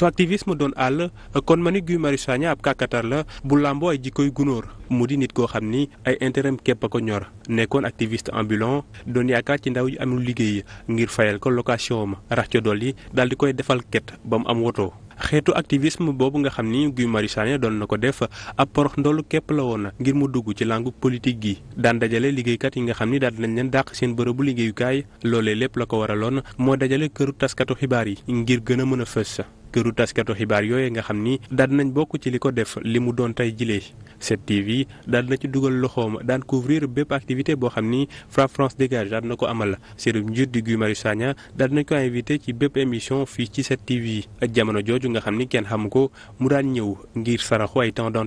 su activisme doon àll kon ma ni Guy Marius Sagna ab kàkkatar la bu làmboo ay jikkoy gunóor mu di nit koo xam ni ay intérêt képp a ko ñor nekkoon activiste ambulant doon yaakaar ci ndaw yu amul liggéey ngir fayal ko location ma rax ca dolli daal di koy defal ket ba mu am woto. xeetu activisme boobu nga xam ni Guy Marius Sagna doon na ko def ab porox ndollu képp la woon ngir mu dugg ci langu politique gi daan dajale liggéeykat yi nga xam ni daal nañ leen dàq seen bërëbu liggéeyukaay loolee lépp la ko waraloon moo dajale këru taskatu xibaar yi ngir gën a mën a fës. këru taskatu xibaar yooyu nga xam ni daal nañ bokk ci li ko def li mu doon tey jilee 7TV daal na ci dugal loxoom daan couvrir bépp activité boo xam ni Fra France dégage daan na ko amala seen njiit di Guy Marius Sagna na ko invité ci bépp émission fii ci 7TV ak jamono jooju nga xam ni kenn xamu ko mu daan ñëw ngir saraxu ay temps na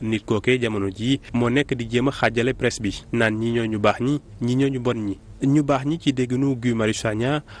nit kookee jamono jii moo nekk di jéem a xaajale presse bi naan ñi ñoo ñu baax ñi ñi ñoo ñu bon ñi. ñu baax ñi ci dégginu Guy Marius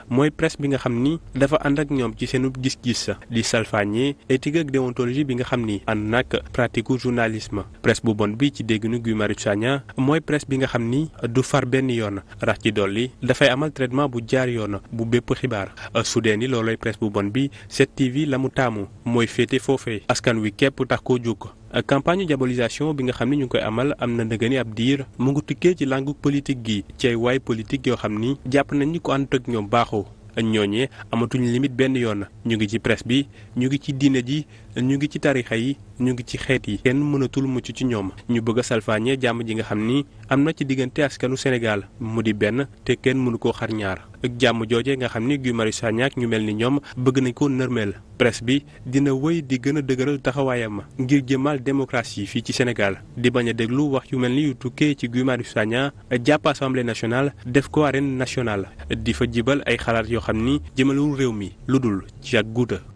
mooy presse bi nga xam ni dafa ànd ak ñoom ci seenu gis-gis di salfaañe éthique ak déontologie bi nga xam ni ànd nag pratique journalisme presse bu bon bi ci déggnu Guy Marius mooy presse bi nga xam ni du far benn yoon rax ci dolli dafay amal traitement bu jaar yoon bu bépp xibaar su dee ni looloy presse bu bon bi 7TV la mu taamu mooy féete foofe askan wi képp tax koo jóg Euh, campagne diabolisation bi nga xam ni ñu ngi koy amal am na ndëgëni ab diir mu ngi tukkee ci langue politique gi ci waay politique yoo xam ni jàpp nañ ni ko ànd ak ñoom baaxoo euh, ñooñee amatuñu limite benn yoon ñu ngi ci presse bi ñu ngi ci diine ji ñu ngi ci tarixa yi ñu ngi ci xeet yi kenn mënatul mucc ci ñoom ñu bëgg a jàmm ji nga xam ni am na ci diggante askanu Sénégal mu di benn te kenn mënu koo xar ñaar ak jàmm jooje nga xam ni Guy Marius ak ñu mel ni ñoom bëgg nañ ko nërmeel presse bi dina wëy di gën a dëgëral taxawaayam ngir jëmal démocratie fii ci Sénégal di bañ a déglu wax yu mel ni yu tukkee ci Guy Marius Sagna jàpp assemblée nationale def ko arène national di fa jibal ay xalaat yoo xam ni jëmalul réew mi lu dul ci ak guuta